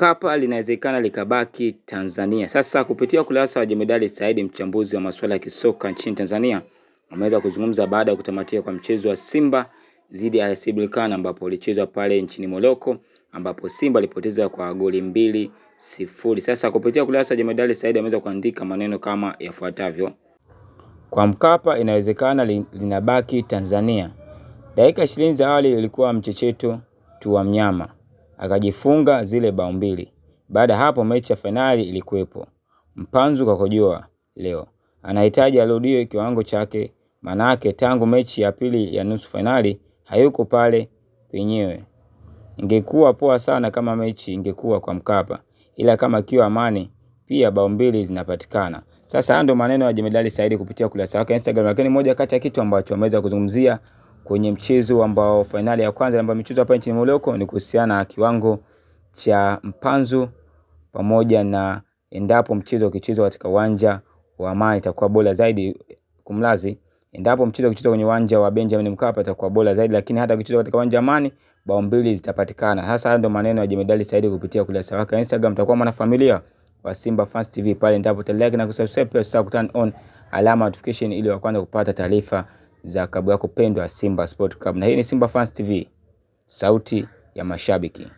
Mkapa linawezekana likabaki Tanzania. Sasa kupitia ukurasa wa Jemedali Saidi, mchambuzi wa masuala ya kisoka nchini Tanzania, ameweza kuzungumza baada ya kutamatia kwa mchezo wa Simba dhidi ya AS Berkane ambapo ulichezwa pale nchini moroko ambapo Simba alipoteza kwa goli mbili sifuri. Sasa kupitia ukurasa wa Jemedali Saidi ameweza kuandika maneno kama yafuatavyo: kwa Mkapa inawezekana linabaki Tanzania. Dakika ishirini za awali ilikuwa mchecheto tu wa mnyama akajifunga zile bao mbili. Baada ya hapo mechi ya fainali ilikuwepo. Mpanzu kakojoa leo, anahitaji arudie kiwango chake, manake tangu mechi ya pili ya nusu fainali hayuko pale penyewe. Ingekuwa poa sana kama mechi ingekuwa kwa Mkapa, ila kama kiwa Amani pia bao mbili zinapatikana. Sasa ndio maneno ya Jemedali Saidi kupitia ukurasa wake Instagram, lakini moja kati ya kitu ambacho ameweza kuzungumzia kwenye mchezo ambao fainali ya kwanza ambayo michezo hapa nchini Moroko ni kuhusiana na kiwango cha mpanzu pamoja na endapo mchezo ukichezwa katika uwanja wa Amani itakuwa bora zaidi kumlazi. Endapo mchezo ukichezwa kwenye uwanja wa Benjamin Mkapa itakuwa bora zaidi, lakini hata ukichezwa katika uwanja wa Amani bao mbili zitapatikana. Sasa ndio maneno ya Jemedali Saidi kupitia ukurasa wake Instagram. Takuwa mwanafamilia wa Simba Fans TV pale, endapo utalike na kusubscribe, pia usisahau kuturn on alama notification ili wa kwanza kupata taarifa za klabu yako pendwa Simba Sport Club, na hii ni Simba Fans TV, sauti ya mashabiki.